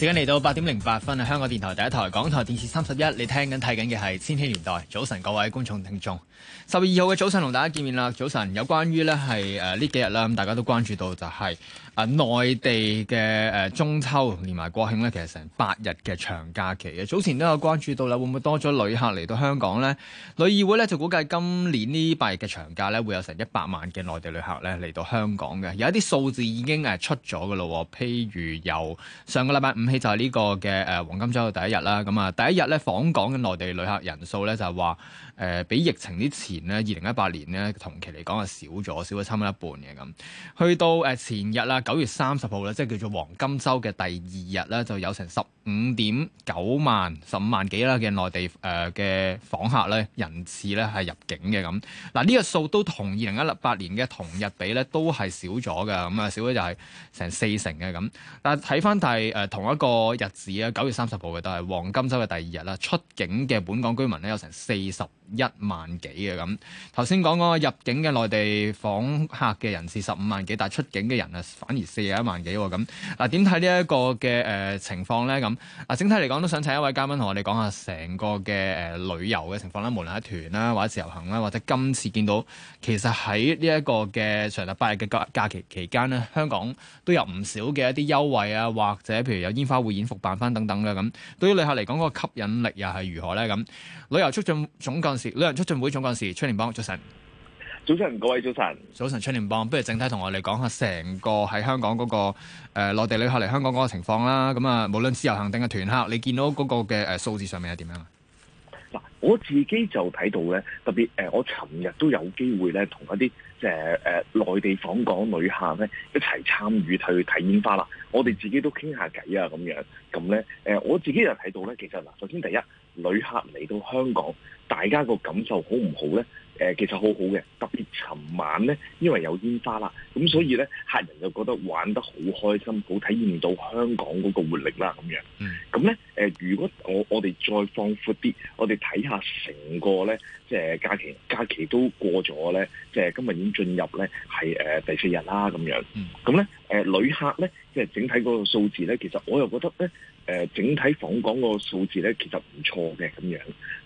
時間嚟到八點零八分啊！香港電台第一台，港台電視三十一，你聽緊睇緊嘅係《千禧年代》。早晨，各位觀眾聽眾，十月二號嘅早晨同大家見面啦。早晨，有關於係誒呢、呃、幾日啦，大家都關注到就係、是、誒、呃、內地嘅誒、呃、中秋連埋國慶其實成八日嘅長假期嘅。早前都有關注到啦，會唔會多咗旅客嚟到香港呢？旅議會呢就估計今年呢八日嘅長假咧會有成一百萬嘅內地旅客咧嚟到香港嘅，有一啲數字已經誒出咗㗎咯。譬如由上個禮拜五。就係、是、呢個嘅誒黃金周嘅第一日啦，咁啊第一日咧訪港嘅內地旅客人數咧就係話。誒比疫情之前咧，二零一八年咧同期嚟講係少咗，少咗差唔多一半嘅咁。去到誒前日啦，九月三十號咧，即係叫做黃金週嘅第二日咧，就有成十五點九萬十五萬幾啦嘅內地誒嘅訪客咧人次咧係入境嘅咁。嗱、這、呢個數都同二零一八年嘅同日比咧都係少咗嘅，咁啊少咗就係成四成嘅咁。但係睇翻係誒同一個日子啊，九月三十號嘅都係黃金週嘅第二日啦，出境嘅本港居民咧有成四十。一萬幾嘅咁，頭先講講入境嘅內地訪客嘅人士十五萬幾，但係出境嘅人啊反而四廿一萬幾咁。嗱，點睇呢一個嘅誒情況咧？咁啊整體嚟講，都想請一位嘉賓同我哋講下成個嘅誒旅遊嘅情況啦，無論係團啦，或者自由行啦，或者今次見到其實喺呢一個嘅長達八日嘅假假期期間呢，香港都有唔少嘅一啲優惠啊，或者譬如有煙花匯演復辦翻等等啦咁。對於旅客嚟講，嗰個吸引力又係如何咧？咁旅遊促進會總幹事。旅遊促進會總幹事、時，崔定邦早晨，早晨各位早晨，早晨崔定邦，不如整體同我哋講下成個喺香港嗰、那個誒、呃、內地旅客嚟香港嗰個情況啦。咁啊，無論自由行定係團客，你見到嗰個嘅誒、呃、數字上面係點樣啊？嗱，我自己就睇到咧，特別誒、呃，我尋日都有機會咧，同一啲誒誒內地訪港旅客咧一齊參與去睇煙花啦。我哋自己都傾下偈啊，咁樣咁咧誒，我自己就睇到咧，其實嗱、呃，首先第一。旅客嚟到香港，大家個感受好唔好咧？誒，其實好好嘅，特別尋晚咧，因為有煙花啦，咁所以咧，客人就覺得玩得好開心，好體驗到香港嗰個活力啦，咁樣。咁咧誒，如果我我哋再放闊啲，我哋睇下成個咧，即係假期假期都過咗咧，即係今日已經進入咧係誒第四日啦，咁樣。咁咧誒，旅客咧即係整體嗰個數字咧，其實我又覺得咧。誒整體訪港個數字咧，其實唔錯嘅咁樣，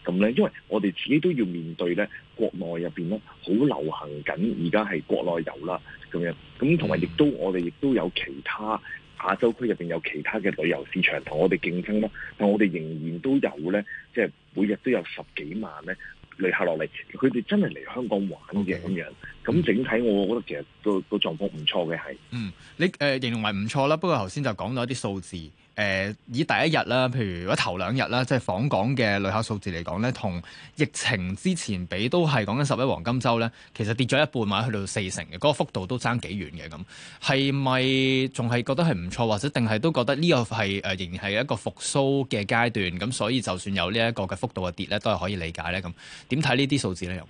咁咧，因為我哋自己都要面對咧，國內入邊咧好流行緊，而家係國內遊啦咁樣，咁同埋亦都我哋亦都有其他亞洲區入邊有其他嘅旅遊市場同我哋競爭啦，但我哋仍然都有咧，即係每日都有十幾萬咧旅客落嚟，佢哋真係嚟香港玩嘅咁樣。Okay. 咁、嗯、整體我覺得其實都都狀況唔錯嘅係，嗯，你誒、呃、形容為唔錯啦。不過頭先就講到一啲數字，誒、呃、以第一日啦，譬如如果頭兩日啦，即係訪港嘅旅客數字嚟講咧，同疫情之前比都係講緊十一黃金週咧，其實跌咗一半，或者去到四成嘅，嗰、那個幅度都爭幾遠嘅咁。係咪仲係覺得係唔錯，或者定係都覺得呢個係誒、呃、仍然係一個復甦嘅階段？咁所以就算有呢一個嘅幅度嘅跌咧，都係可以理解咧咁。點睇呢啲數字咧？又？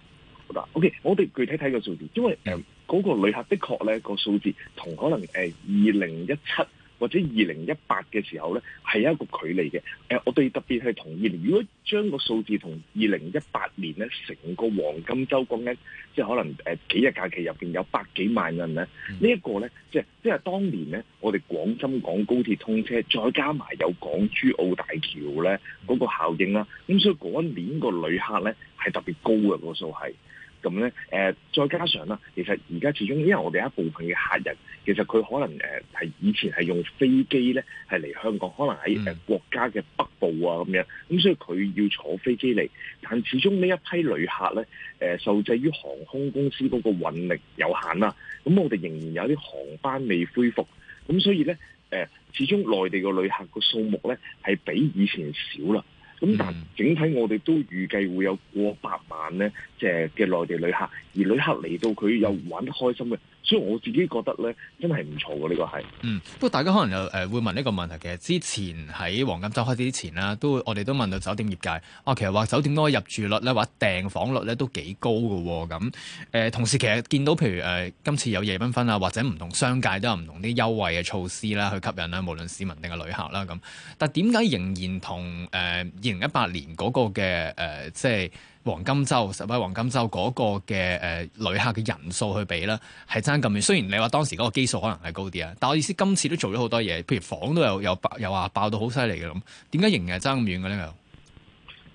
O.K. 我哋具體睇個數字，因為誒嗰個旅客的確咧、那個數字同可能誒二零一七或者二零一八嘅時候咧係有一個距離嘅。誒，我哋特別係同二零，如果將個數字同二零一八年咧成個黃金周講咧，即係可能誒幾日假期入邊有百幾萬人咧，嗯這個、呢一個咧即係即係當年咧我哋廣深港高鐵通車，再加埋有港珠澳大橋咧嗰、那個效應啦，咁所以嗰年個旅客咧係、那個、特別高嘅個數係。咁咧，誒、呃，再加上啦，其實而家始終，因為我哋一部分嘅客人，其實佢可能誒係、呃、以前係用飛機咧，係嚟香港，可能喺誒、呃、國家嘅北部啊咁樣，咁所以佢要坐飛機嚟。但始終呢一批旅客咧，誒、呃、受制於航空公司嗰個運力有限啦，咁我哋仍然有啲航班未恢復，咁所以咧，誒、呃、始終內地嘅旅客個數目咧係比以前少啦。咁但整體我哋都預計會有過百萬咧，即係嘅內地旅客，而旅客嚟到佢又玩得開心嘅。所以我自己覺得咧，真係唔錯嘅呢個係。嗯，不過大家可能又誒、呃、會問呢個問題嘅。其實之前喺黃金周開始之前啦，都我哋都問到酒店業界啊，其實話酒店嘅入住率咧，或者訂房率咧都幾高嘅喎、哦。咁、嗯、誒、呃，同時其實見到譬如誒、呃，今次有夜繽紛啊，或者唔同商界都有唔同啲優惠嘅措施啦，去吸引啦，無論市民定係旅客啦咁、嗯。但點解仍然同誒二零一八年嗰個嘅誒、呃，即係？黃金週，十倍黃金週嗰個嘅誒、呃、旅客嘅人數去比啦，係爭咁遠。雖然你話當時嗰個基數可能係高啲啊，但我意思是今次都做咗好多嘢，譬如房都有有爆，有話爆到好犀利嘅咁。點解仍然係爭咁遠嘅呢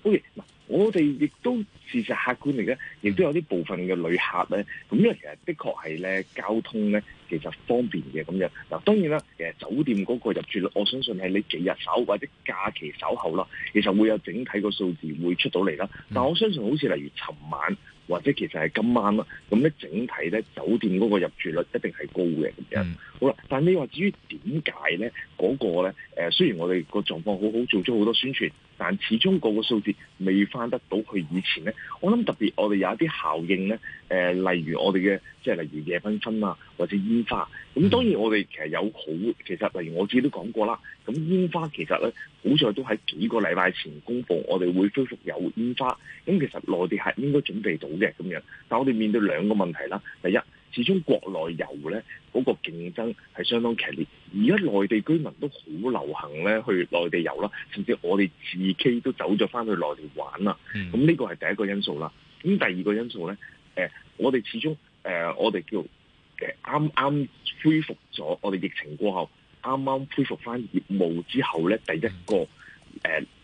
？Okay. 我哋亦都事實客觀嚟嘅，亦都有啲部分嘅旅客咧。咁因為其實的確係咧，交通咧其實方便嘅咁樣。嗱當然啦，其實酒店嗰個入住率，我相信係你幾日走或者假期走後啦，其實會有整體個數字會出到嚟啦。但我相信好似例如尋晚或者其實係今晚啦，咁咧整體咧酒店嗰個入住率一定係高嘅咁樣。好、嗯、啦，但係你話至於點解咧嗰個咧？誒，雖然我哋個狀況好好，做咗好多宣傳。但始終個個數字未翻得到去以前咧，我諗特別我哋有一啲效應咧，呃，例如我哋嘅，即係例如夜繽紛啊，或者煙花。咁當然我哋其實有好，其實例如我自己都講過啦。咁煙花其實咧，好在都喺幾個禮拜前公佈，我哋會恢復有煙花。咁其實內地係應該準備到嘅咁樣，但我哋面對兩個問題啦，第一。始終國內遊咧，嗰個競爭係相當激烈，而家內地居民都好流行咧去內地遊啦，甚至我哋自己都走咗翻去內地玩啦。咁呢個係第一個因素啦。咁第二個因素咧，誒，我哋始終誒我哋叫誒啱啱恢復咗我哋疫情過後啱啱恢復翻業務之後咧，第一個誒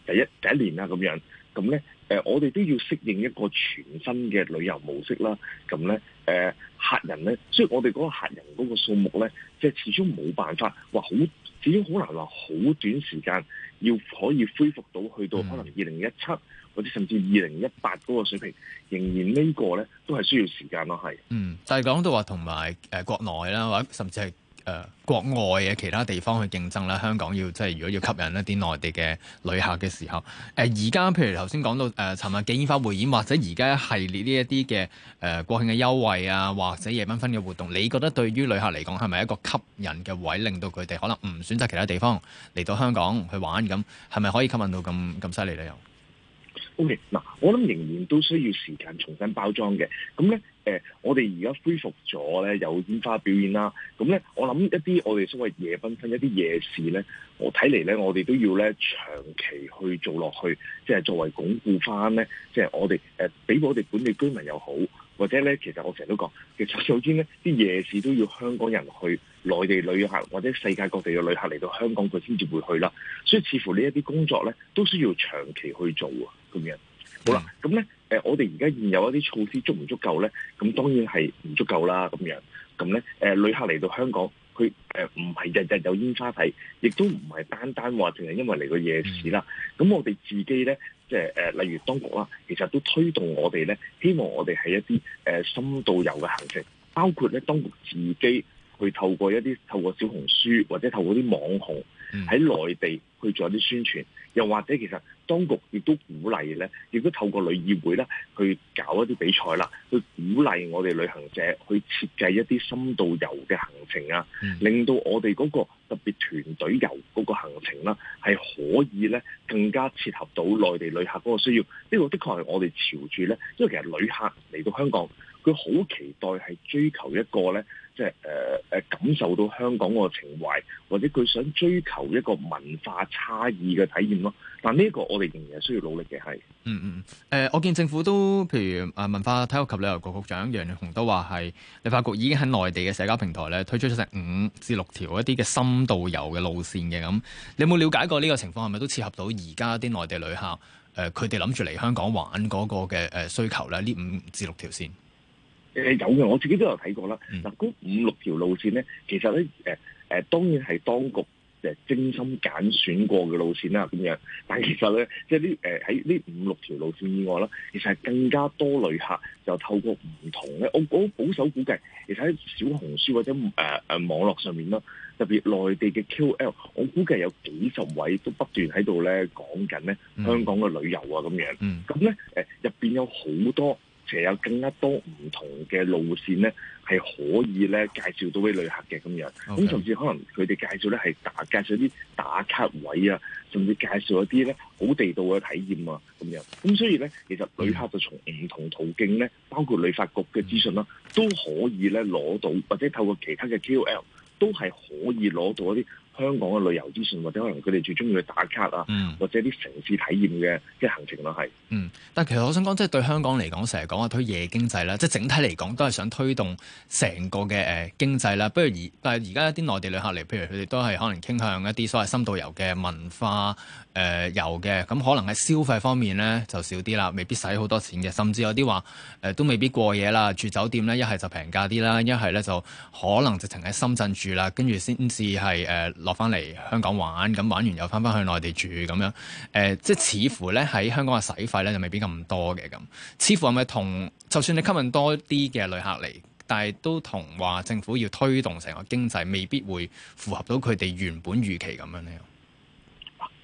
第一第一年啦咁樣。咁咧，誒，我哋都要適應一個全新嘅旅遊模式啦。咁咧，誒，客人咧，雖然我哋嗰個客人嗰個數目咧，即係始終冇辦法，話好，始終好難話好短時間要可以恢復到去到可能二零一七或者甚至二零一八嗰個水平，仍然個呢個咧都係需要時間咯。係。嗯，但係講到話同埋誒國內啦，或者甚至係，誒、呃、國外嘅其他地方去競爭啦，香港要即係如果要吸引一啲內地嘅旅客嘅時候，誒而家譬如頭先講到誒尋日嘅煙花匯演，或者而家一系列呢一啲嘅誒國慶嘅優惠啊，或者夜繽紛嘅活動，你覺得對於旅客嚟講係咪一個吸引嘅位，令到佢哋可能唔選擇其他地方嚟到香港去玩？咁，係咪可以吸引到咁咁犀利咧？又 O K，嗱，我諗仍然都需要時間重新包裝嘅，咁咧。誒、 呃，我哋而家恢復咗咧，有煙花表演啦。咁咧，我諗一啲我哋所謂夜繽紛一啲夜市咧，我睇嚟咧，我哋都要咧長期去做落去，即係作為鞏固返咧，即、就、係、是、我哋誒，俾、呃、我哋本地居民又好，或者咧，其實我成日都講，其實首先咧啲夜市都要香港人去內地旅客或者世界各地嘅旅客嚟到香港佢先至會去啦。所以似乎呢一啲工作咧，都需要長期去做啊，咁樣。好啦，咁、嗯、咧。嗯誒， 我哋而家現有一啲措施足唔足夠咧？咁當然係唔足夠啦，咁樣咁咧，誒旅客嚟到香港，佢誒唔係日日有煙花睇，亦都唔係單單話淨係因為嚟到夜市啦。咁我哋自己咧，即係誒，例如當局啦，其實都推動我哋咧，希望我哋喺一啲誒、呃、深度遊嘅行程，包括咧當局自己。去透過一啲透過小紅書或者透過啲網紅喺內地去做一啲宣傳，又或者其實當局亦都鼓勵咧，亦都透過旅議會咧去搞一啲比賽啦，去鼓勵我哋旅行者去設計一啲深度遊嘅行程啊，令到我哋嗰個特別團隊遊嗰個行程啦，係可以咧更加切合到內地旅客嗰個需要。呢個的確係我哋朝住咧，因為其實旅客嚟到香港。佢好期待係追求一個咧，即係誒誒感受到香港個情懷，或者佢想追求一個文化差異嘅體驗咯。但呢一個我哋仍然係需要努力嘅，係。嗯嗯，誒、呃，我見政府都譬如誒文化體育及旅遊局局長楊潤雄都話係，旅發局已經喺內地嘅社交平台咧推出咗成五至六條一啲嘅深度遊嘅路線嘅咁。你有冇了解過呢個情況係咪都切合到而家啲內地旅客誒佢哋諗住嚟香港玩嗰個嘅誒需求咧？呢五至六條線？誒有嘅，我自己都有睇過啦。嗱，嗰五六條路線咧，其實咧，誒、呃、誒，當然係當局誒精心揀選過嘅路線啊，點樣？但其實咧，即係呢誒喺呢五六條路線以外啦，其實係更加多旅客就透過唔同咧，我保守估計，其實喺小紅書或者誒誒、呃、網絡上面啦，特別內地嘅 QL，我估計有幾十位都不斷喺度咧講緊咧香港嘅旅遊啊，咁樣。咁咧誒入邊有好多。其實有更加多唔同嘅路線咧，係可以咧介紹到俾旅客嘅咁樣。咁、okay. 甚至可能佢哋介紹咧係打介紹一啲打卡位啊，甚至介紹一啲咧好地道嘅體驗啊咁樣。咁所以咧，其實旅客就從唔同途徑咧，包括旅發局嘅資訊啦、啊，都可以咧攞到，或者透過其他嘅 K O L 都係可以攞到一啲。香港嘅旅遊資訊，或者可能佢哋最中意去打卡啊，或者啲城市體驗嘅即係行程咯，係。嗯，但係其實我想講，即係對香港嚟講，成日講話推夜經濟啦，即係整體嚟講都係想推動成個嘅誒經濟啦。不如而但係而家一啲內地旅客嚟，譬如佢哋都係可能傾向一啲所謂深度遊嘅文化誒遊嘅，咁、呃、可能喺消費方面咧就少啲啦，未必使好多錢嘅，甚至有啲話誒都未必過夜啦，住酒店咧一係就平價啲啦，一係咧就可能直情喺深圳住啦，跟住先至係誒。呃落翻嚟香港玩，咁玩完又翻翻去內地住咁樣，呃，即係似乎咧喺香港嘅使費咧就未必咁多嘅咁，似乎係咪同，就算你吸引多啲嘅旅客嚟，但係都同話政府要推動成個經濟，未必會符合到佢哋原本預期咁樣咯。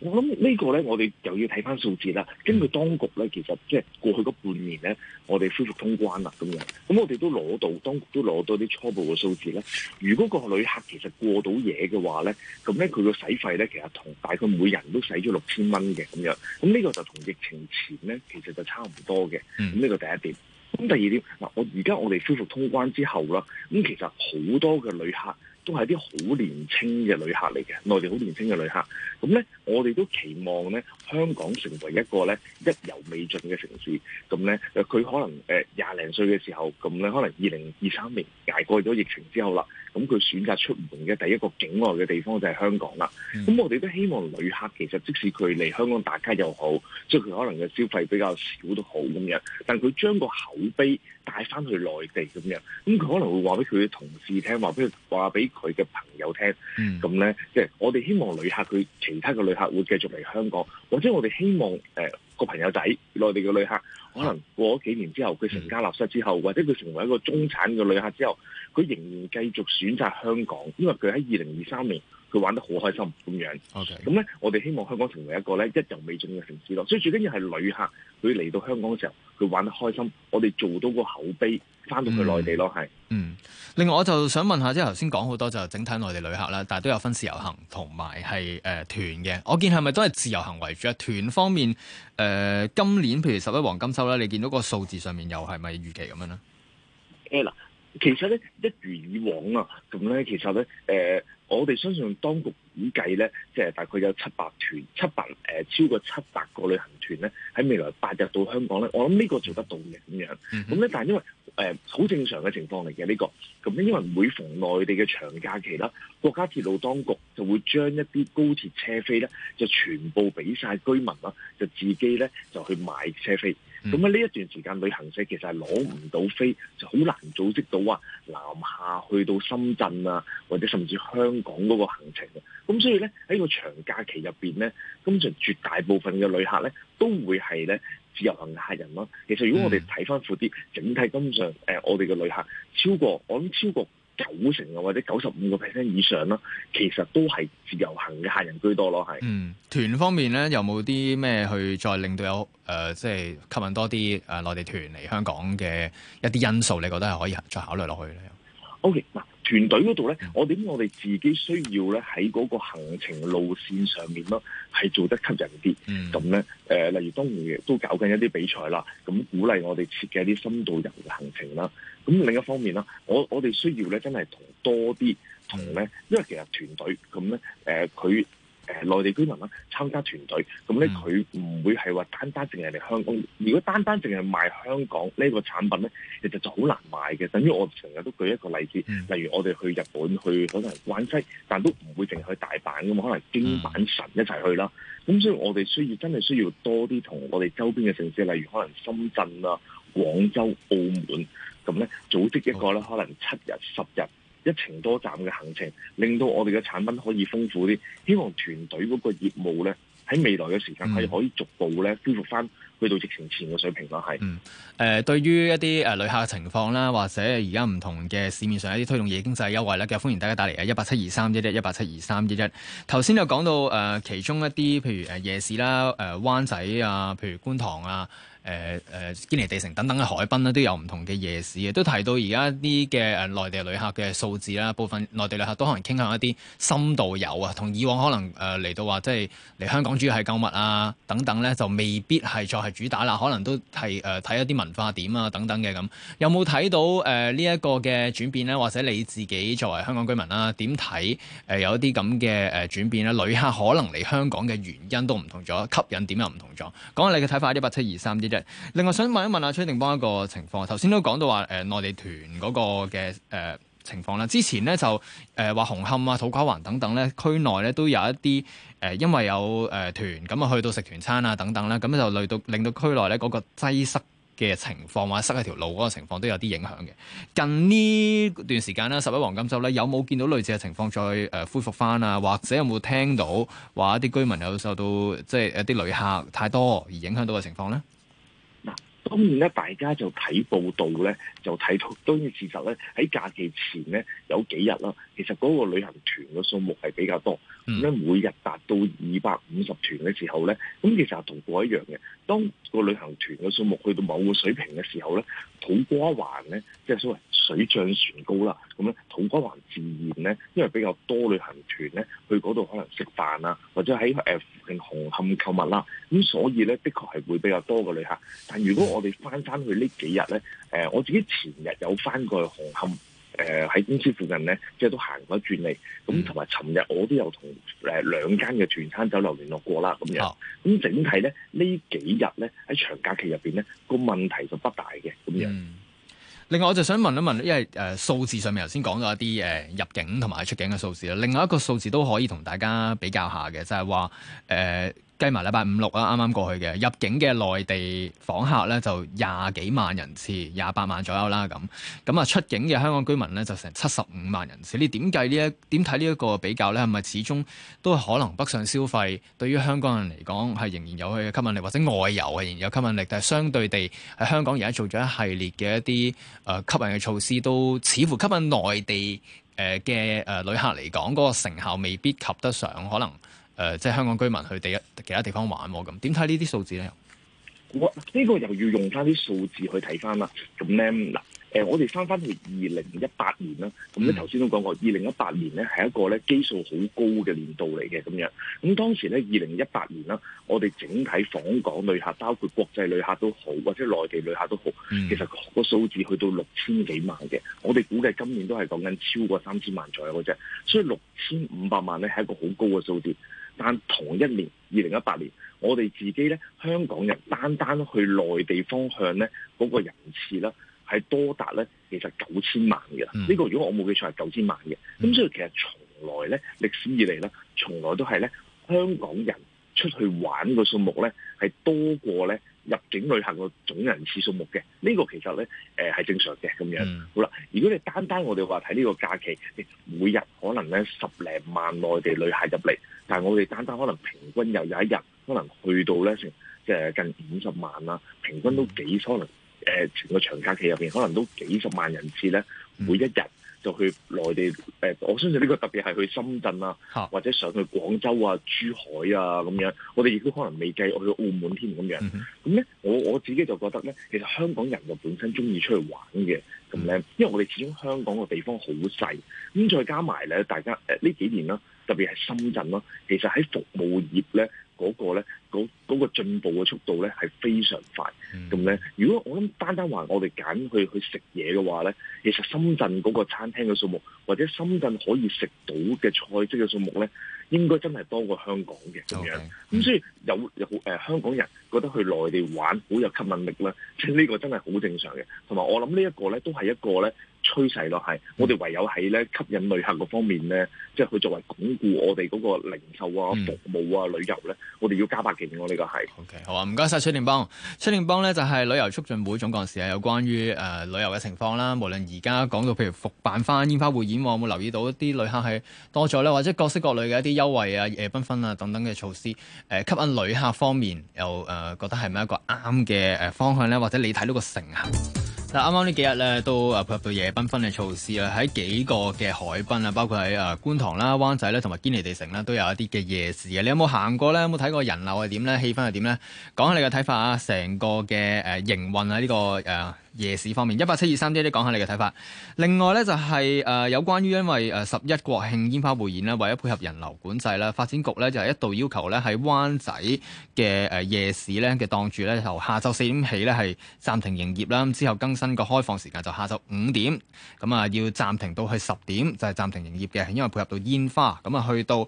我諗呢個咧，我哋又要睇翻數字啦。根據當局咧，其實即係過去嗰半年咧，我哋恢復通關啦，咁樣。咁我哋都攞到當局都攞到啲初步嘅數字咧。如果個旅客其實過到嘢嘅話咧，咁咧佢個使費咧，其實同大概每人都使咗六千蚊嘅咁樣。咁呢個就同疫情前咧，其實就差唔多嘅。咁呢個第一點。咁第二點嗱，我而家我哋恢復通關之後啦，咁其實好多嘅旅客。都係啲好年輕嘅旅客嚟嘅，內地好年輕嘅旅客。咁呢，我哋都期望呢香港成為一個呢一遊未盡嘅城市。咁呢，佢可能誒廿零歲嘅時候，咁呢可能二零二三年捱過咗疫情之後啦。咁佢選擇出門嘅第一個境外嘅地方就係香港啦。咁、mm-hmm. 我哋都希望旅客其實即使佢嚟香港打卡又好，即係佢可能嘅消費比較少都好咁樣。但佢將個口碑帶翻去內地咁樣，咁佢可能會話俾佢嘅同事聽，話俾話俾佢嘅朋友聽。咁咧，即係我哋希望旅客佢其他嘅旅客會繼續嚟香港，或者我哋希望、呃那個朋友仔內地嘅旅客，可能過咗幾年之後，佢成家立室之後，或者佢成為一個中產嘅旅客之後，佢仍然繼續選擇香港，因為佢喺二零二三年。佢玩得好開心咁樣，OK，咁咧，我哋希望香港成為一個咧一遊未盡嘅城市咯。所以最緊要係旅客佢嚟到香港嘅時候，佢玩得開心，我哋做到個口碑翻到去內地咯。係嗯，嗯，另外我就想問下，即係頭先講好多就整體內地旅客啦，但係都有分自由行同埋係誒團嘅。我見係咪都係自由行為主啊？團方面，誒、呃、今年譬如十一黃金週咧，你見到個數字上面又係咪預期咁樣咧？誒嗱，其實咧一如以往啊，咁咧其實咧誒。呃我哋相信當局估計咧，即、就、係、是、大概有七百團、七百誒、呃、超過七百個旅行團咧，喺未來八日到香港咧，我諗呢個做得到嘅咁樣。咁咧，但係因為誒好、呃、正常嘅情況嚟嘅呢個，咁咧因為每逢內地嘅長假期啦，國家鐵路當局就會將一啲高鐵車飛咧就全部俾晒居民啦，就自己咧就去買車飛。咁喺呢一段時間，旅行社其實係攞唔到飛，就好難組織到話南下去到深圳啊，或者甚至香港嗰個行程嘅、啊。咁所以咧喺個長假期入面咧，基本上絕大部分嘅旅客咧都會係咧自由行客人咯、啊。其實如果我哋睇翻闊啲整體，根本上、呃、我哋嘅旅客超過，我諗超過。九成啊，或者九十五個 percent 以上咯，其實都係自由行嘅客人居多咯，係。嗯，團方面咧，有冇啲咩去再令到有誒、呃，即係吸引多啲誒、呃、內地團嚟香港嘅一啲因素？你覺得係可以再考慮落去咧？O K。Okay. 團隊嗰度咧，我點我哋自己需要咧喺嗰個行程路線上面咯，係做得吸引啲。咁咧、呃，例如當然亦都搞緊一啲比賽啦，咁鼓勵我哋設計啲深度遊嘅行程啦。咁另一方面啦，我我哋需要咧，真係同多啲同咧，因為其實團隊咁咧，佢。呃內地居民啦，參加團隊，咁咧佢唔會係話單單淨係嚟香港。如果單單淨係賣香港呢個產品咧，其實就好難賣嘅。等於我成日都舉一個例子，例如我哋去日本去可能關西，但都唔會淨係去大阪咁可能京阪神一齊去啦。咁所以我哋需要真係需要多啲同我哋周邊嘅城市，例如可能深圳啊、廣州、澳門，咁咧組織一個咧，可能七日、十日。一程多站嘅行程，令到我哋嘅產品可以豐富啲。希望團隊嗰個業務咧，喺未來嘅時間係可以逐步咧恢復翻去到疫情前嘅水平啦。係。嗯。誒，對於一啲誒旅客情況啦，或者而家唔同嘅市面上一啲推動夜經濟優惠咧，嘅歡迎大家打嚟啊！一八七二三一一一八七二三一一。頭先就講到誒，其中一啲譬如誒夜市啦、誒灣仔啊、譬如觀塘啊。誒誒堅尼地城等等嘅海濱咧，都有唔同嘅夜市的。都提到而家啲嘅誒內地旅客嘅數字啦，部分內地旅客都可能傾向一啲深度遊啊。同以往可能誒嚟、呃、到話，即係嚟香港主要係購物啊等等咧，就未必係再係主打啦。可能都係誒睇一啲文化點啊等等嘅咁。有冇睇到誒呢一個嘅轉變咧？或者你自己作為香港居民啦、啊，點睇誒有一啲咁嘅誒轉變咧？旅客可能嚟香港嘅原因都唔同咗，吸引點又唔同咗。講下你嘅睇法。一八七二三另外，想問一問阿崔定邦一個情況。頭先都講到話誒、呃、內地團嗰個嘅誒、呃、情況啦。之前咧就誒話、呃、紅磡啊、土瓜環灣等等咧，區內咧都有一啲誒、呃，因為有誒、呃、團咁啊，去到食團餐啊等等啦，咁就累到令到區內咧嗰、那個擠塞嘅情況，或者塞喺條路嗰個情況都有啲影響嘅。近呢段時間啦，十一黃金週咧，有冇見到類似嘅情況再誒恢復返啊？或者有冇聽到話一啲居民有受到即係一啲旅客太多而影響到嘅情況咧？當然咧，大家就睇報道咧，就睇到當然事實咧，喺假期前咧有幾日啦。其實嗰個旅行團嘅數目係比較多，咁、嗯、咧每日達到二百五十團嘅時候咧，咁其實係同過一樣嘅。當個旅行團嘅數目去到某個水平嘅時候咧，土瓜灣咧即係所謂水漲船高啦。咁咧土瓜灣自然咧，因為比較多旅行團咧去嗰度可能食飯啊，或者喺附近紅磡購物啦。咁所以咧，的確係會比較多嘅旅客。但如果我哋翻翻去呢幾日咧，誒、呃、我自己前日有翻過去紅磡。誒、呃，喺公司附近咧，即係都行咗轉嚟。咁同埋，尋日我都有同誒、呃、兩間嘅全餐酒樓聯絡過啦，咁樣、咁、哦、整體咧呢幾日咧喺長假期入邊咧個問題就不大嘅，咁樣、嗯。另外，我就想問一問，因為誒、呃、數字上面頭先講咗一啲誒、呃、入境同埋出境嘅數字啦，另外一個數字都可以同大家比較下嘅，就係話誒。呃計埋禮拜五六啊，啱啱過去嘅入境嘅內地訪客咧，就廿幾萬人次，廿八萬左右啦。咁咁啊，出境嘅香港居民咧，就成七十五萬人次。你點計呢一？點睇呢一個比較咧？係咪始終都可能北上消費對於香港人嚟講係仍然有佢嘅吸引力，或者外遊係仍然有吸引力，但係相對地喺香港而家做咗一系列嘅一啲誒吸引嘅措施，都似乎吸引內地誒嘅誒旅客嚟講，嗰個成效未必及得上，可能。誒、呃，即係香港居民去第一其他地方玩喎，咁點睇呢啲數字咧？我呢、呢個又要用翻啲數字去睇翻啦。咁咧嗱，誒，我哋翻翻去二零一八年啦。咁咧頭先都講過，二零一八年咧係一個咧基數好高嘅年度嚟嘅咁樣。咁當時咧，二零一八年啦，我哋整體訪港旅客，包括國際旅客都好，或者內地旅客都好，嗯、其實個數字去到六千幾萬嘅。我哋估計今年都係講緊超過三千萬左右嘅啫。所以六千五百萬咧係一個好高嘅數字。但同一年二零一八年，我哋自己咧香港人單單去內地方向咧嗰個人次啦，係多達咧其實九千萬嘅，呢個如果我冇記錯係九千萬嘅。咁所以其實從來咧歷史以嚟咧，從來都係咧香港人出去玩個數目咧係多過咧入境旅客個總人次數目嘅呢、這個其實咧誒係正常嘅咁樣。Mm-hmm. 好啦，如果你單單我哋話睇呢個假期，每日可能咧十零萬內地旅客入嚟，但係我哋單單可能平均又有一日可能去到咧成即係近五十萬啦，平均都幾可能誒，全、呃、個長假期入邊可能都幾十萬人次咧，每一日。Mm-hmm. 就去內地、呃、我相信呢個特別係去深圳啊，或者上去廣州啊、珠海啊咁樣，我哋亦都可能未計我去澳門添咁樣。咁咧，我我自己就覺得咧，其實香港人就本身中意出去玩嘅咁咧，因為我哋始終香港嘅地方好細，咁再加埋咧，大家誒呢、呃、幾年啦、啊，特別係深圳啦、啊，其實喺服務業咧。嗰、嗰個咧，嗰、嗰、嗰、個、進步嘅速度咧係非常快，咁咧，如果我諗單單我話我哋揀去去食嘢嘅話咧，其實深圳嗰個餐廳嘅數目，或者深圳可以食到嘅菜式嘅數目咧，應該真係多過香港嘅咁樣。咁所以有有、呃、香港人覺得去內地玩好有吸引力啦，即係呢個真係好正常嘅。同埋我諗呢一個咧都係一個咧。趨勢咯，係我哋唯有喺咧吸引旅客個方面咧，即係佢作為鞏固我哋嗰個零售啊、服務啊、旅遊咧，我哋要加把勁咯。呢、嗯這個係。OK，好啊，唔該晒。崔定邦。崔定邦咧就係、是、旅遊促進會總幹事啊，有關於誒、呃、旅遊嘅情況啦。無論而家講到譬如復辦翻煙花匯演，我有冇留意到一啲旅客係多咗咧，或者各式各類嘅一啲優惠啊、誒繽紛啊等等嘅措施誒、呃，吸引旅客方面又誒、呃、覺得係咪一個啱嘅誒方向咧？或者你睇到個成啊？嗱，啱啱呢幾日咧都啊配合到夜繽紛嘅措施啦，喺幾個嘅海濱啊，包括喺啊、呃、觀塘啦、灣仔啦同埋堅尼地城啦，都有一啲嘅夜市，你有冇行過咧？有冇睇過人流係點咧？氣氛係點咧？講下你嘅睇法啊！成個嘅誒、呃、營運啊，呢、這個誒。呃夜市方面，一八七二三 D，你講下你嘅睇法。另外呢，就係、是呃、有關於因為十一國慶煙花匯演呢，為咗配合人流管制啦，發展局呢就係、是、一度要求呢，喺灣仔嘅、呃、夜市咧嘅檔主呢，由下晝四點起呢，係暫停營業啦。之後更新個開放時間就下晝五點，咁啊要暫停到去十點就係、是、暫停營業嘅，因為配合到煙花。咁啊去到、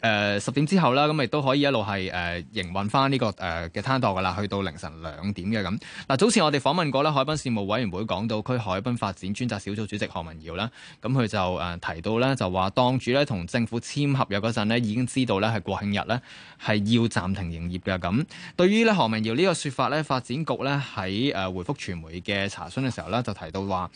呃、十點之後啦，咁亦都可以一路係誒、呃、營運翻呢、這個誒嘅攤檔噶啦，去到凌晨兩點嘅咁。嗱、啊，早前我哋訪問過呢海濱。事務委員會講到，區海濱發展專責小組主席何文堯啦，咁佢就誒、呃、提到呢就話當主咧同政府簽合約嗰陣呢已經知道咧係國慶日呢係要暫停營業嘅。咁對於呢何文堯呢個說法呢，發展局呢喺誒、呃、回覆傳媒嘅查詢嘅時候呢，就提到話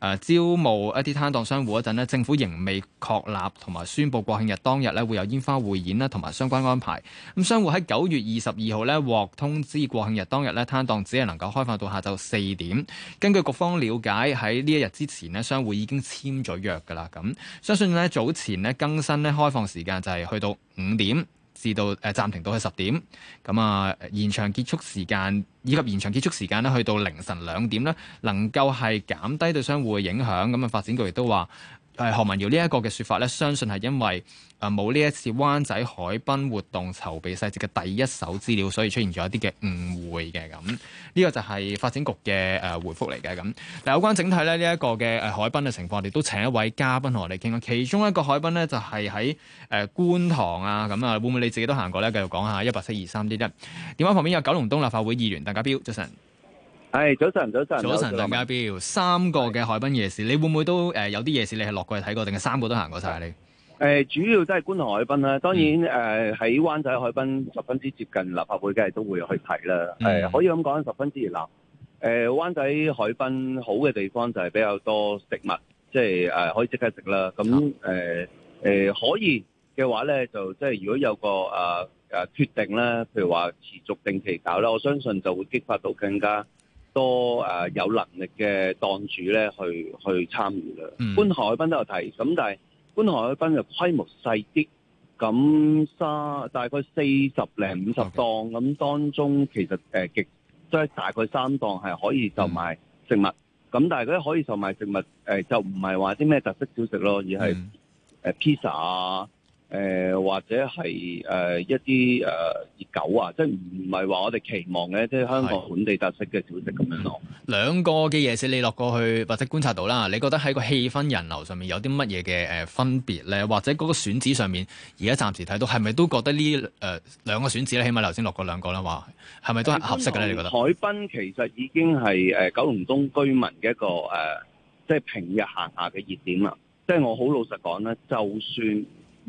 誒招募一啲攤檔商戶嗰陣呢政府仍未確立同埋宣布國慶日當日呢會有煙花匯演啦，同埋相關安排。咁商戶喺九月二十二號呢獲通知國慶日當日呢攤檔只係能夠開放到下晝四點。根據局方了解，喺呢一日之前咧，商戶已經簽咗約噶啦。咁相信咧早前咧更新咧開放時間就係去到五點至到誒暫、呃、停到去十點。咁啊延長結束時間以及延長結束時間咧去到凌晨兩點咧，能夠係減低對商戶嘅影響。咁啊發展局亦都話。係何文耀呢一個嘅説法咧，相信係因為誒冇呢一次灣仔海濱活動籌備細節嘅第一手資料，所以出現咗一啲嘅誤會嘅咁。呢個就係發展局嘅誒回覆嚟嘅咁。嗱，但有關整體咧呢一個嘅誒海濱嘅情況，我哋都請一位嘉賓同我哋傾。其中一個海濱呢，就係喺誒觀塘啊，咁啊會唔會你自己都行過呢？繼續講下一八七二三 D 一電話旁邊有九龍東立法會議員鄧家彪，早晨。係、欸、早晨，早晨，早晨，鄧家彪，三個嘅海濱夜市， 你會唔會都誒有啲夜市你係落過去睇過，定係三個都行過晒你？誒、欸，主要都係觀塘海濱啦。當然誒，喺、嗯、灣、呃、仔海濱十分之接近立法會，梗係都會去睇啦。可以咁講，十分之熱鬧。誒、呃，灣仔海濱好嘅地方就係比較多食物，即係誒可以即刻食啦。咁誒誒可以嘅話咧，就,就即係如果有個誒誒、呃啊啊、決定咧，譬如話持續定期搞啦，我相信就會激發到更加。多誒、呃、有能力嘅檔主咧，去去參與啦。觀塘、嗯、海濱都有提咁，但係觀塘海濱嘅規模細啲，咁三大概四十零五十檔，咁、okay. 當中其實誒極、呃、即係大概三檔係可以售賣食物，咁、嗯、但係佢可以售賣食物誒、呃，就唔係話啲咩特色小食咯，而係誒、嗯呃、披薩啊。誒、呃、或者係誒、呃、一啲誒、呃、熱狗啊，即係唔係話我哋期望嘅，即係香港本地特色嘅小食咁樣咯、嗯。兩個嘅夜市你落過去或者觀察到啦，你覺得喺個氣氛人流上面有啲乜嘢嘅誒分別咧？或者嗰個選址上面，而家暫時睇到係咪都覺得呢誒、呃、兩個選址咧，起碼頭先落過兩個啦，話係咪都係合適嘅咧？你覺得？海濱其實已經係、呃、九龍東居民嘅一個誒、呃，即係平日行下嘅熱點啦。即係我好老實講咧，就算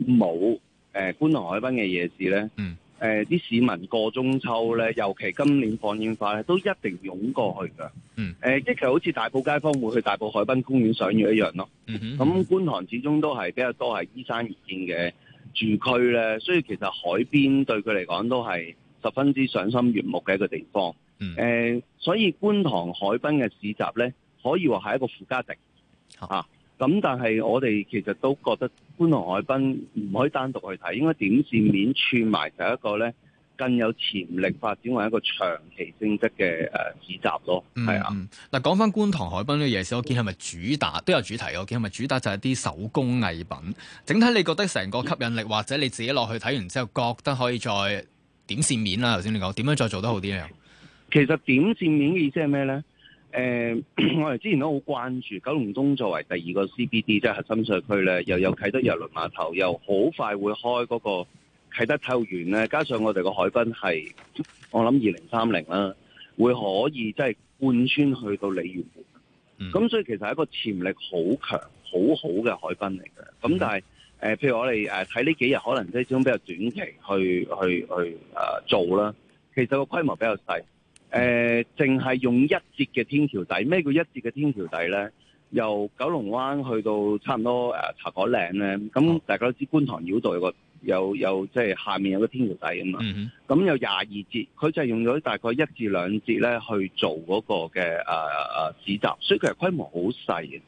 冇誒、呃，觀塘海濱嘅夜市咧，啲、嗯呃、市民過中秋咧，尤其今年放煙花咧，都一定湧過去㗎。誒、嗯，即、呃、係好似大埔街坊會去大埔海濱公園賞月一樣咯。咁、嗯嗯、觀塘始終都係比較多係依山而建嘅住區咧，所以其實海邊對佢嚟講都係十分之賞心悅目嘅一個地方、嗯呃。所以觀塘海濱嘅市集咧，可以話係一個附加值吓咁、啊啊、但係我哋其實都覺得。觀塘海濱唔可以單獨去睇，應該點線面串埋就係一個咧，更有潛力發展為一個長期性質嘅誒市集咯。係啊，嗱講翻觀塘海濱嘅夜市，我見係咪主打都有主題，我見係咪主打就係啲手工藝品。整體你覺得成個吸引力，或者你自己落去睇完之後，覺得可以再點線面啦、啊。頭先你講點樣再做得好啲啊？其實點線面嘅意思係咩咧？誒、呃，我哋之前都好關注九龍東作為第二個 CBD 即係核心社區咧，又有啟德遊輪碼頭，又好快會開嗰個啟德體育園咧，加上我哋個海濱係，我諗二零三零啦，會可以即係貫穿去到鯉魚門，咁、嗯、所以其實係一個潛力好強、好好嘅海濱嚟嘅。咁但係、呃、譬如我哋睇呢幾日，可能即係一比較短期去去去誒、呃、做啦，其實個規模比較細。誒、呃，淨係用一節嘅天橋底，咩叫一節嘅天橋底咧？由九龍灣去到差唔多誒、呃、茶果嶺咧，咁大家都知觀塘繞道有個有有即係、就是、下面有個天橋底啊嘛，咁有廿二節，佢就係用咗大概一至兩節咧去做嗰個嘅誒誒市集，所以其實規模好細嘅。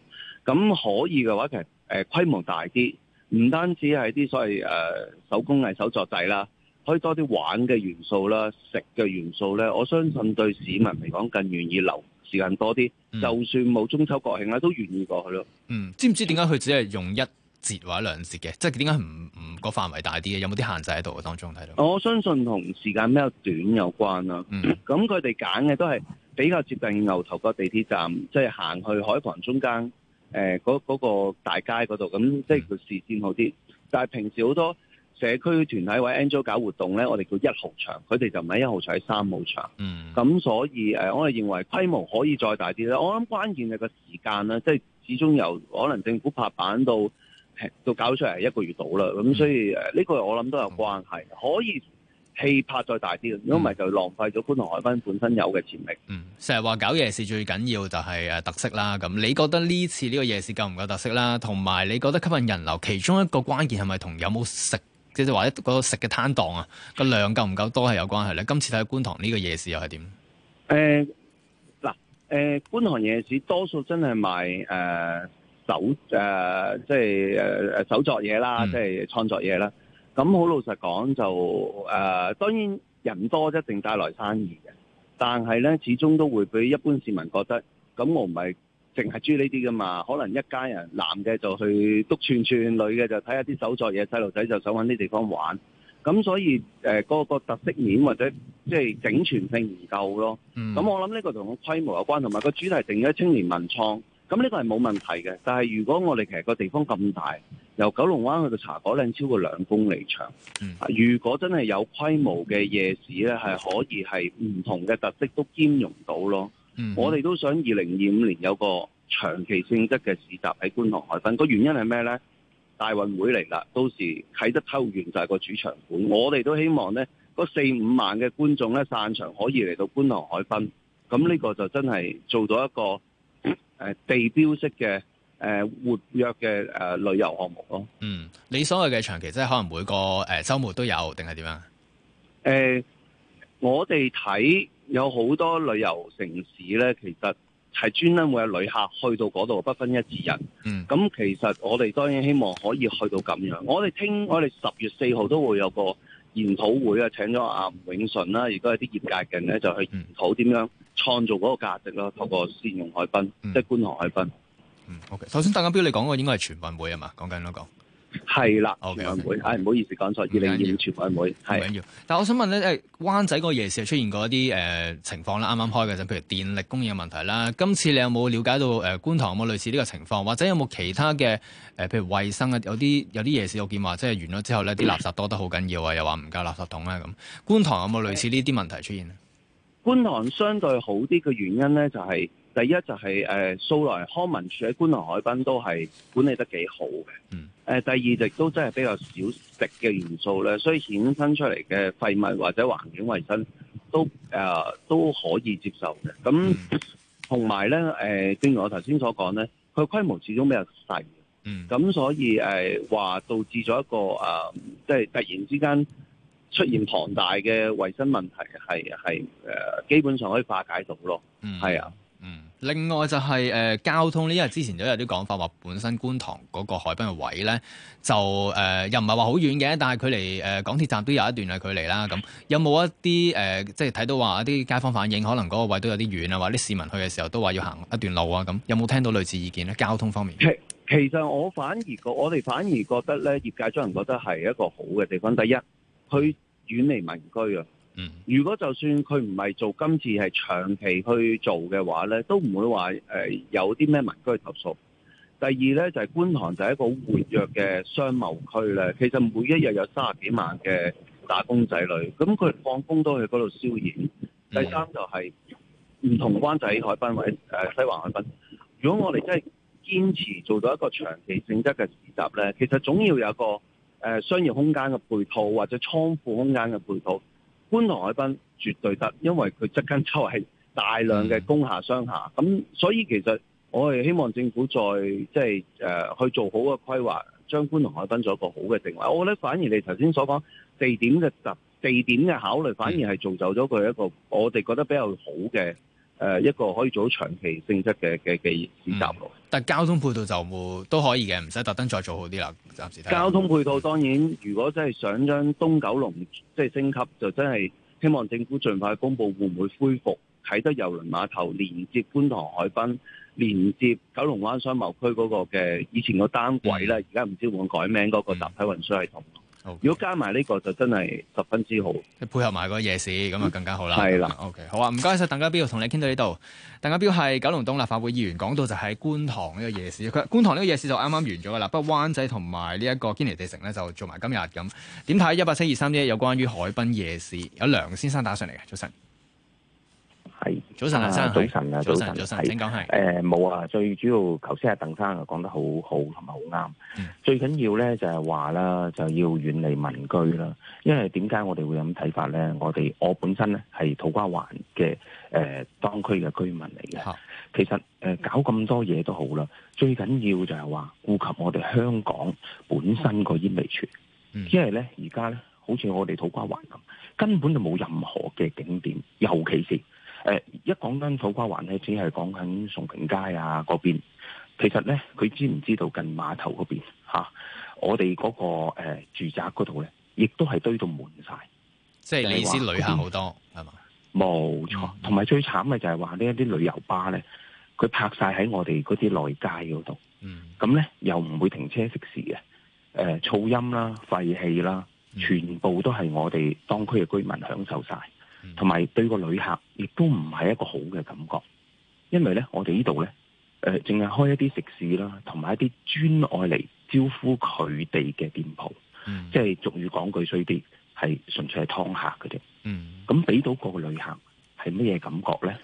咁可以嘅話，其實誒規、呃、模大啲，唔單止係啲所謂誒、呃、手工藝手作仔啦。可以多啲玩嘅元素啦，食嘅元素咧，我相信對市民嚟講更願意留時間多啲、嗯。就算冇中秋國慶啦，都願意過去咯。嗯，知唔知點解佢只係用一節或者兩節嘅？即係點解唔唔個範圍大啲嘅？有冇啲限制喺度當中睇到？我相信同時間比較短有關啦。嗯，咁佢哋揀嘅都係比較接近牛頭角地鐵站，即係行去海旁中間誒嗰嗰個大街嗰度。咁即係佢視線好啲、嗯。但係平時好多，社區團體或者 a n g i l 搞活動咧，我哋叫一號場，佢哋就唔係一號場，喺三號場。咁、嗯、所以我哋認為規模可以再大啲啦。我諗關鍵係個時間啦，即係始終由可能政府拍板到到搞出嚟一個月到啦。咁、嗯、所以呢、呢個我諗都有關係，嗯、可以氣魄再大啲，因如果唔係就浪費咗觀塘海濱本身有嘅潛力。嗯，成日話搞夜市最緊要就係特色啦。咁你覺得呢次呢個夜市夠唔夠特色啦？同埋你覺得吸引人流其中一個關鍵係咪同有冇食？即係或者嗰食嘅攤檔啊，個量夠唔夠多係有關係咧。今次睇下觀塘呢個夜市又係點？誒、呃，嗱，誒，觀塘夜市多數真係賣誒、呃、手誒，即係誒誒手作嘢啦，即係創作嘢啦。咁、嗯、好老實講就誒、呃，當然人多一定帶來生意嘅，但係咧始終都會俾一般市民覺得咁，我唔係。淨係住呢啲㗎嘛？可能一家人男嘅就去篤串串，女嘅就睇下啲手作嘢，細路仔就想揾啲地方玩。咁所以誒，呃嗰個嗰個特色面或者即係、就是、整全性唔夠咯。咁我諗呢個同個規模有關，同埋個主題定咗青年文創。咁呢個係冇問題嘅。但係如果我哋其實個地方咁大，由九龍灣去到茶果嶺超過兩公里長。啊、如果真係有規模嘅夜市呢，係可以係唔同嘅特色都兼容到咯。我哋都想二零二五年有個長期性質嘅市集喺觀塘海濱。個原因係咩呢？大運會嚟啦，到時啟德體育園就係個主場館。我哋都希望呢嗰四五萬嘅觀眾呢，散場可以嚟到觀塘海濱。咁呢個就真係做到一個誒地標式嘅誒活躍嘅誒旅遊項目咯。嗯，你所謂嘅長期即係可能每個誒周末都有定係點樣？誒、呃，我哋睇。有好多旅遊城市呢，其實係專登會有旅客去到嗰度，不分一至一。嗯，咁其實我哋當然希望可以去到咁樣。我哋聽，我哋十月四號都會有個研討會啊，請咗阿吳永順啦，亦都係啲業界嘅人呢，就去研討點樣創造嗰個價值咯，透過善用海濱，即係觀塘海濱。嗯。O K，首先鄧家彪你講嘅應該係全運會係嘛？講緊囉，講。係啦，okay, 全唔會，唉、okay, 哎，唔好意思，講錯，二零二二全委會，會，係緊要，但我想問咧，誒，灣仔個夜市出現過一啲誒、呃、情況啦，啱啱開嘅啫，譬如電力供應嘅問題啦，今次你有冇了解到誒、呃、觀塘有冇類似呢個情況，或者有冇其他嘅誒、呃、譬如衛生啊，有啲有啲夜市，我見話即係完咗之後咧，啲垃圾多得好緊要啊、嗯，又話唔夠垃圾桶啊咁，觀塘有冇類似呢啲問題出現咧、欸。觀塘相對好啲嘅原因咧、就是，就係第一就係誒素來康文署喺觀塘海濱都係管理得幾好嘅。嗯誒第二隻都真係比較少食嘅元素咧，所以衍生出嚟嘅廢物或者環境衞生都誒、呃、都可以接受嘅。咁同埋咧，誒、嗯呃、正如我頭先所講咧，佢規模始終比較細，嗯，咁所以誒話、呃、導致咗一個誒，即、呃、係、係、突然之間出現龐大嘅衞生問題，係係誒基本上可以化解到咯，係、嗯、啊。另外就係、是、誒、呃、交通呢？因為之前都有啲講法話，本身觀塘嗰個海濱嘅位咧，就誒、呃、又唔係話好遠嘅，但係佢離誒港鐵站都有一段嘅距離啦。咁有冇一啲誒，即係睇到話一啲街坊反映，可能嗰個位置都有啲遠啊，或者市民去嘅時候都話要行一段路啊。咁有冇聽到類似意見咧？交通方面，其實我反而覺得我哋反而覺得咧，業界中人覺得係一個好嘅地方。第一，去遠離民居啊。嗯，如果就算佢唔係做今次係長期去做嘅話咧，都唔會話誒、呃、有啲咩民居去投訴。第二咧就係、是、觀塘就係一個活躍嘅商貿區咧，其實每一日有三十幾萬嘅打工仔女，咁佢放工都去嗰度消遣。第三就係唔同灣仔海濱、海濱或者誒西環海濱。如果我哋真係堅持做到一個長期性質嘅市集咧，其實總要有個誒商業空間嘅配套或者倉庫空間嘅配套。觀塘海濱絕對得，因為佢側跟周圍係大量嘅工廈商廈，咁所以其實我係希望政府再即係誒去做好個規劃，將觀塘海濱做一個好嘅定位。我覺得反而你頭先所講地點嘅十地點嘅考慮，反而係造就咗佢一個我哋覺得比較好嘅，誒一個可以做好長期性質嘅嘅嘅市集路，嗯，但交通配套就冇都可以嘅，唔使特登再做好啲啦，暫時睇。交通配套當然，如果真係想將東九龍即係、就是、升級，就真係希望政府儘快公佈會唔會恢復啟德郵輪碼頭連接觀塘海濱，連接九龍灣商貿區嗰個嘅以前個單軌咧，而家唔知會唔會改名嗰個集體運輸系統。嗯 Okay. 如果加埋呢，呢個就真係十分之好，配合埋個夜市咁啊更加好啦。係、嗯、啦，OK，好啊，唔該晒。鄧家彪，同你傾到呢度。鄧家彪係九龍東立法會議員，講到就喺觀塘呢個夜市，佢觀塘呢個夜市就啱啱完咗啦。不過灣仔同埋呢一個堅尼地城咧就做埋今日咁。點睇？一八七二三，呢有關於海濱夜市，有梁先生打上嚟嘅，早晨。係，早晨，阿生，早晨啊，早晨，早晨，正講係。誒，冇啊、呃，最主要是剛剛是，頭先阿鄧生講得好好，同埋好啱。最緊要咧就係話啦，就要遠離民居啦。因為點解我哋會咁睇法咧？我哋我本身咧係土瓜灣嘅誒，當區嘅居民嚟嘅。其實誒、呃，搞咁多嘢都好啦。最緊要就係話顧及我哋香港本身個煙味處。因為咧，而家咧，好似我哋土瓜灣咁，根本就冇任何嘅景點，尤其是。誒、呃，一講緊土瓜灣咧，只係講緊崇平街啊嗰邊。其實咧，佢知唔知道近碼頭嗰邊吓？我哋嗰、那個誒、呃、住宅嗰度咧，亦都係堆到滿晒、就是。即係你先旅行好多係嘛？冇錯。同埋最慘嘅就係話呢一啲旅遊巴咧，佢泊晒喺我哋嗰啲內街嗰度。嗯。咁咧又唔會停車熄匙嘅。誒、呃，噪音啦、啊、廢氣啦，全部都係我哋當區嘅居民享受晒。同、嗯、埋對個旅客亦都唔係一個好嘅感覺，因為咧我哋呢度咧，誒，淨係開一啲食肆啦，同埋一啲專愛嚟招呼佢哋嘅店鋪，即係俗語講句衰啲，係純粹係劏客嘅啫。嗯，咁、就、俾、是嗯、到那個旅客係乜嘢感覺咧？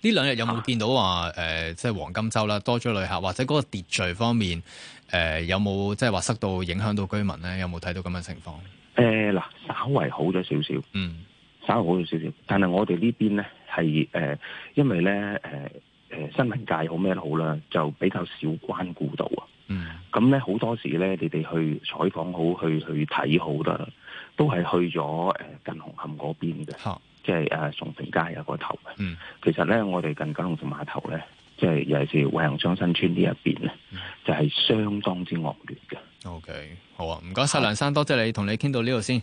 呢兩日有冇見到話，誒、啊，即係黃金周啦，多咗旅客，或者嗰個秩序方面，誒、呃，有冇即係話塞到影響到居民咧？有冇睇到咁嘅情況？誒，嗱，稍微好咗少少，嗯。稍好少少，但係我哋呢邊咧係因為咧、呃、新聞界好咩都好啦，就比較少關顧到啊。嗯，咁咧好多時咧，你哋去採訪好，去去睇好都係去咗近紅磡嗰邊嘅、啊，即係誒宋城街有個頭嘅。嗯，其實咧，我哋近，近九龍城碼頭咧。即係尤其是惠仁莊新村呢一邊咧，就係相當之惡劣嘅。OK，好啊，唔該晒。梁生，多謝你同你傾到呢度先。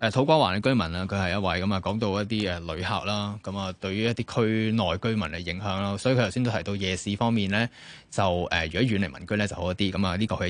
誒土瓜灣嘅居民啊，佢係一位咁啊，講到一啲誒旅客啦，咁啊，對於一啲區內居民嘅影響啦，所以佢頭先都提到夜市方面咧，就誒、呃、如果遠離民居咧就好一啲，咁啊呢個係。